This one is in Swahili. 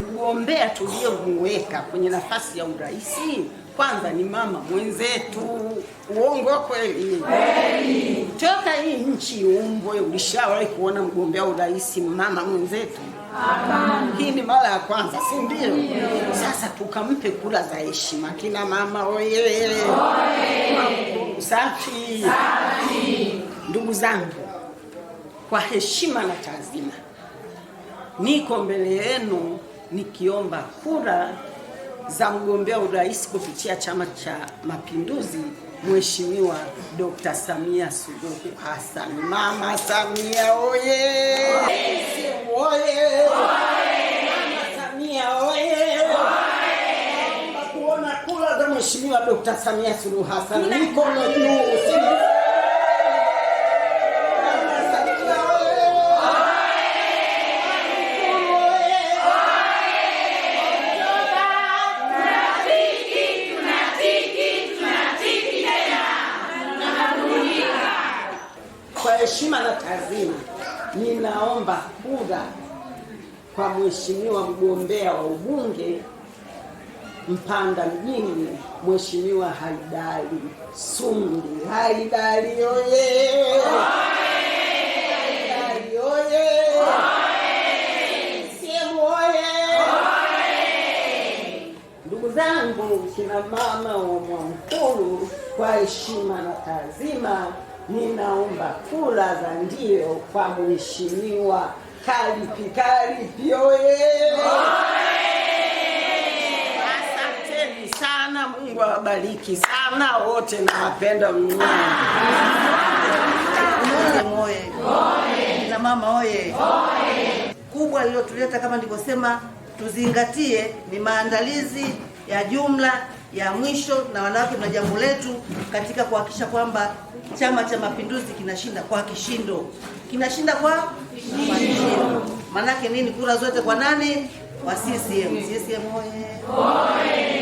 Mgombea tuliyomuweka kwenye nafasi ya urais kwanza ni mama mwenzetu. Uongo kweli? Toka hii nchi umbwe, ulishawahi kuona mgombea urais mama mwenzetu? Hii ni mara ya kwanza, si ndio? Sasa tukampe kula za heshima. Kina mama oye! Safi. Ndugu zangu, kwa heshima na taazima, niko mbele yenu nikiomba kura za mgombea urais kupitia Chama cha Mapinduzi, Mheshimiwa Dr. Samia Suluhu Hassan. Mama Samia oye! Oye! Samia Kuona kura za Mheshimiwa Dr. Samia Suluhu Hassan, mikono juu! Kwa heshima na taadhima, ninaomba kura kwa mheshimiwa mgombea wa ubunge Mpanda mjini, Mheshimiwa Haidali Sumbi. Haidali oye! Haidali oye! Semu oye! Ndugu zangu kina mama wa Mwamkulu, kwa heshima na taadhima ninaomba kura za ndio kwa mheshimiwa Karipi Karipi oye! Asanteni sana, Mungu awabariki sana wote, nawapenda mno. Na mama oye! Kubwa lililotuleta kama nilivyosema, tuzingatie ni maandalizi ya jumla ya mwisho, na wanawake mna jambo letu katika kuhakikisha kwamba Chama cha Mapinduzi kinashinda kwa kishindo, kinashinda kwa kishindo. Maanake nini? Kura zote kwa nani? Kwa CCM. CCM oye!